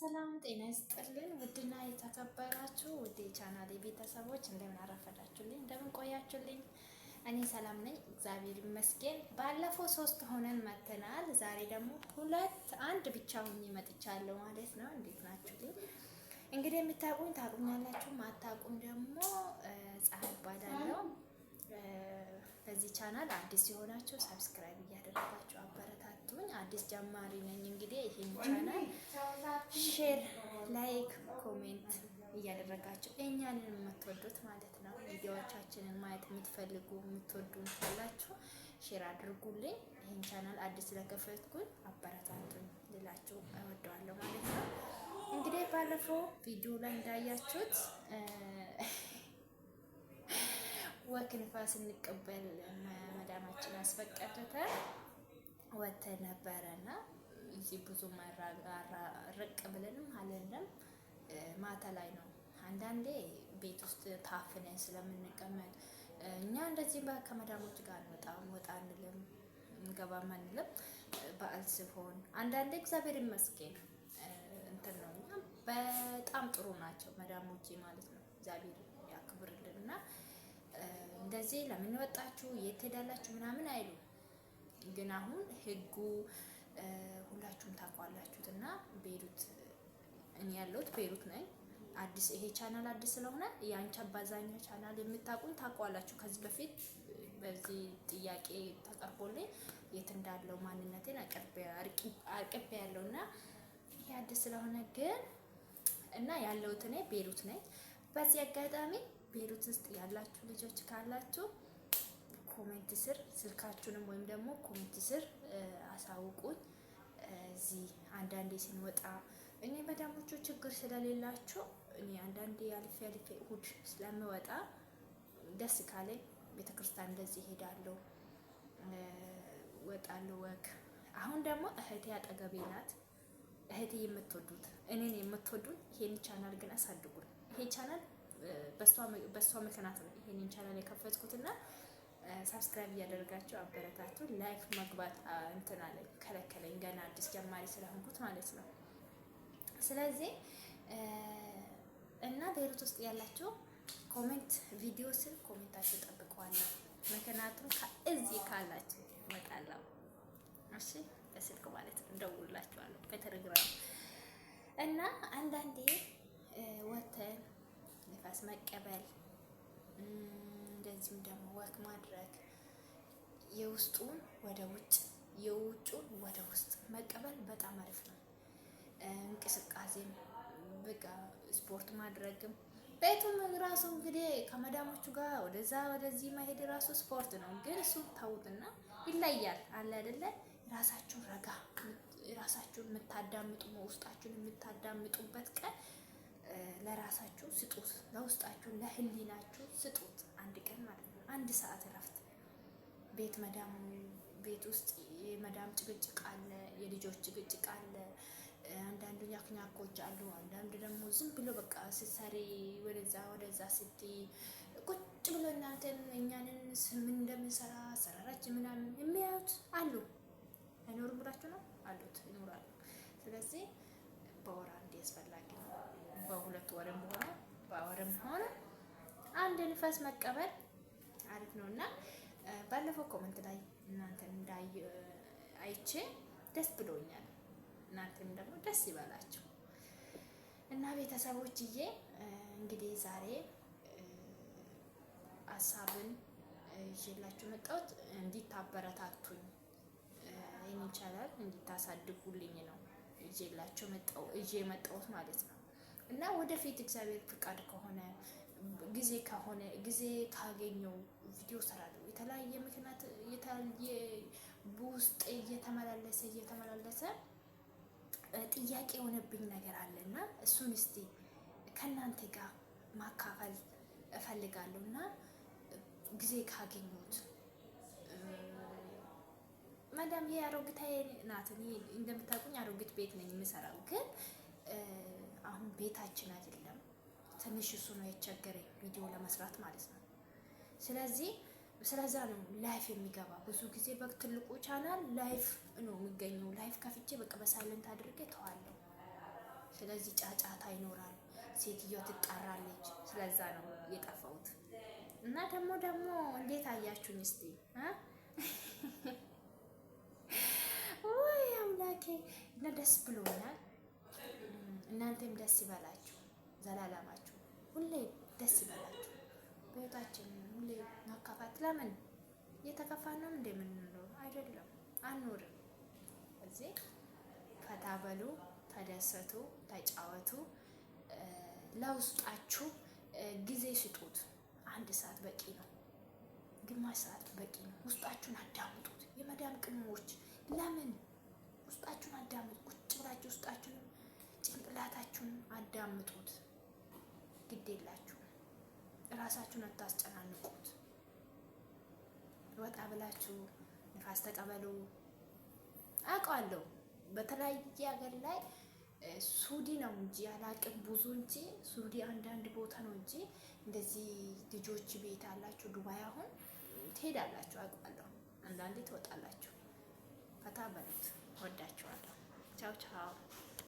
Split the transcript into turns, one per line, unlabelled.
ሰላም ጤና ይስጥልን። ውድና የተከበራችሁ ውድ የቻናሌ ቤተሰቦች እንደምን አረፈዳችሁልኝ? እንደምን ቆያችሁልኝ? እኔ ሰላም ነኝ፣ እግዚአብሔር ይመስገን። ባለፈው ሶስት ሆነን መተናል። ዛሬ ደግሞ ሁለት አንድ ብቻ ሁኝ መጥቻለሁ ማለት ነው። እንዴት ናችሁልኝ? እንግዲህ የምታውቁኝ ታውቁኛላችሁ፣ ማታውቁም ደግሞ ፀሐይ እባላለሁ። በዚህ ቻናል አዲስ የሆናችሁ ሰብስክራይብ እያደረጋችሁ አበረታ አበረታቱኝ። አዲስ ጀማሪ ነኝ። እንግዲህ ይሄን ቻናል ሼር፣ ላይክ፣ ኮሜንት እያደረጋችሁ እኛንን የምትወዱት ማለት ነው። ቪዲዮዎቻችንን ማየት የምትፈልጉ የምትወዱ ካላችሁ ሼር አድርጉልኝ። ይህን ቻናል አዲስ ስለከፈትኩኝ አበረታቱኝ ልላችሁ እወደዋለሁ ማለት ነው። እንግዲህ ባለፈው ቪዲዮ ላይ እንዳያችሁት ወክ ንፋስ እንቀበል መዳማችን አስፈቀደተ ወጥተን ነበረ እና እዚህ ብዙም ርቅ ብለንም አለንም ማታ ላይ ነው። አንዳንዴ ቤት ውስጥ ታፍነን ስለምንቀመጥ እኛ እንደዚህ ከመዳሞች ጋር አንወጣም፣ ወጣ አንልም፣ እንገባም አንልም። በዓል ሲሆን አንዳንዴ እግዚአብሔር ይመስገን እንትን ነው እና በጣም ጥሩ ናቸው መዳሞቼ ማለት ነው። እግዚአብሔር ያክብርልን እና እንደዚህ ለምን ወጣችሁ የት ሄዳላችሁ ምናምን አይሉ ግን አሁን ህጉ ሁላችሁም ታውቋላችሁት እና ቤሩት እኔ ያለሁት ቤሩት ነኝ። አዲስ ይሄ ቻናል አዲስ ስለሆነ የአንቺ አባዛኛ ቻናል የምታውቁኝ ታውቋላችሁ። ከዚህ በፊት በዚህ ጥያቄ ተቀርቦልኝ የት እንዳለው ማንነቴን አቅርቤ ያለው እና ይሄ አዲስ ስለሆነ ግን እና ያለሁት እኔ ቤሩት ነኝ። በዚህ አጋጣሚ ቤሩት ውስጥ ያላችሁ ልጆች ካላችሁ ኮሜንት ስር ስልካችሁንም ወይም ደግሞ ኮሜንት ስር አሳውቁኝ። እዚህ አንዳንዴ ስንወጣ እኔ መዳሞቹ ችግር ስለሌላቸው እኔ አንዳንዴ አልፌ አልፌ እሑድ ስለምወጣ ደስ ካለኝ ቤተክርስቲያን እንደዚህ እሄዳለሁ፣ ወጣለሁ ወግ አሁን ደግሞ እህቴ አጠገቤ ናት። እህቴ የምትወዱት እኔን የምትወዱት ይሄን ቻናል ግን አሳድጉን። ይሄ ቻናል በእሷ ምክንያት ነው ይሄንን ቻናል የከፈትኩትና ሰብስክራይብ እያደረጋችሁ አበረታቱ። ላይክ መግባት እንትን አለኝ ከለከለኝ፣ ገና አዲስ ጀማሪ ስለሆንኩት ማለት ነው። ስለዚህ እና ቤይሩት ውስጥ ያላችሁ ኮሜንት ቪዲዮ ስል ኮሜንታችሁ ጠብቀዋለሁ። ምክንያቱም ከእዚህ ካላችሁ እመጣለሁ። እሺ በስልክ ማለት ነው፣ እንደውላችኋለሁ በቴሌግራም እና አንዳንዴ ወተን ንፋስ መቀበል እንደዚሁም ደግሞ ወክ ማድረግ የውስጡን ወደ ውጭ የውጩን ወደ ውስጥ መቀበል በጣም አሪፍ ነው። እንቅስቃሴም በቃ ስፖርት ማድረግም ቤቱም ራሱ እንግዲህ ከመዳሞቹ ጋር ወደዛ ወደዚህ መሄድ ራሱ ስፖርት ነው። ግን እሱ ታውትና ይለያል አለ አይደለ? ራሳችሁን ረጋ ራሳችሁን የምታዳምጡ ውስጣችሁን የምታዳምጡበት ቀን ለራሳችሁ ስጡት፣ ለውስጣችሁ ለህሊናችሁ ስጡት። አንድ ቀን ማለት ነው፣ አንድ ሰዓት እረፍት። ቤት መዳም ቤት ውስጥ የመዳም ጭቅጭቅ አለ፣ የልጆች ጭቅጭቅ አለ። አንዳንዱ ኛክኛኮች አሉ። አንዳንዱ ደግሞ ዝም ብሎ በቃ ስትሰሪ ወደዛ ወደዛ ስትይ ቁጭ ብሎ እናንተን እኛንን ምን እንደምንሰራ ሰራራች ምናምን የሚያዩት አሉ። አይኖሩ ብላችሁ ነው አሉት ይኖራሉ። ስለዚህ በወር አንዴ አስፈላጊ ነው። በሁለት ወርም በኋላ በወርም ሆነ አንድ ንፋስ መቀበል አሪፍ ነው እና ባለፈው ኮመንት ላይ እናንተን እንዳይ አይቼ ደስ ብሎኛል። እናንተም ደግሞ ደስ ይበላችሁ እና ቤተሰቦችዬ እንግዲህ ዛሬ ሀሳብን ይዤላችሁ መጣሁት እንዲታበረታቱኝ ይህን ይቻላል እንዲታሳድጉልኝ ነው ይዤላችሁ መጣሁ ይዤ መጣሁት ማለት ነው። እና ወደፊት እግዚአብሔር ፍቃድ ከሆነ ጊዜ ከሆነ ጊዜ ካገኘው ቪዲዮ ሰራለሁ። የተለያየ ምክንያት የተለያየ በውስጥ እየተመላለሰ እየተመላለሰ ጥያቄ የሆነብኝ ነገር አለ እና እሱን እስቲ ከእናንተ ጋር ማካፈል እፈልጋለሁ እና ጊዜ ካገኙት መዳም ይሄ ናት። እኔ እንደምታውቁኝ አሮጊት ቤት ነኝ የምሰራው ግን አሁን ቤታችን አይደለም። ትንሽ እሱ ነው የቸገረኝ ቪዲዮ ለመስራት ማለት ነው። ስለዚህ ስለዛ ነው ላይፍ የሚገባ ብዙ ጊዜ በትልቁ ቻናል ላይፍ ነው የሚገኘው። ላይፍ ከፍቼ በቃ በሳይለንት አድርጌ ተዋለሁ። ስለዚህ ጫጫታ ይኖራል፣ ሴትዮ ትጣራለች። ስለዛ ነው የጠፋሁት እና ደግሞ ደግሞ እንዴት አያችሁኝ እስቲ ወይ አምላኬ እና ደስ ብሎኛል። እናንተም ደስ ይበላችሁ፣ ዘላለማችሁ ሁሌ ደስ ይበላችሁ። በህይወታችን ሁሌ ማካፋት ለምን እየተከፋ ነው እንደምንኖረው አይደለም፣ አንኖርም። እዚህ ፈታ በሉ፣ ተደሰቱ፣ ተጫወቱ፣ ለውስጣችሁ ጊዜ ስጡት። አንድ ሰዓት በቂ ነው፣ ግማሽ ሰዓት በቂ ነው። ውስጣችሁን አዳምጡት። የመዳም ቅመሞች ለምን ጭንቅላታችሁን አዳምጡት። ግድ የላችሁም። እራሳችሁን አታስጨናንቁት። ወጣ ብላችሁ ንፋስ ተቀበሉ። አውቀዋለሁ በተለያየ ሀገር ላይ ሱዲ ነው እንጂ አላቅም ብዙ እንጂ ሱዲ አንዳንድ ቦታ ነው እንጂ እንደዚህ ልጆች ቤት አላችሁ ዱባይ አሁን ትሄዳላችሁ። አውቀዋለሁ አንዳንዴ ትወጣላችሁ። ፈታ በሉት። ወዳችኋለሁ። ቻው ቻው።